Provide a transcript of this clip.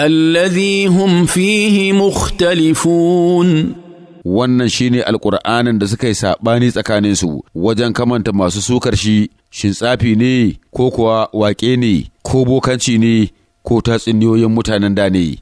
الذي هم فيه مختلفون wannan shine alkur'anin da suka yi saɓani tsakaninsu wajen kamanta masu sukar shi shin tsafi ne ko kuwa waƙe ne ko bokanci ne ko tatsuniyoyin mutanen da ne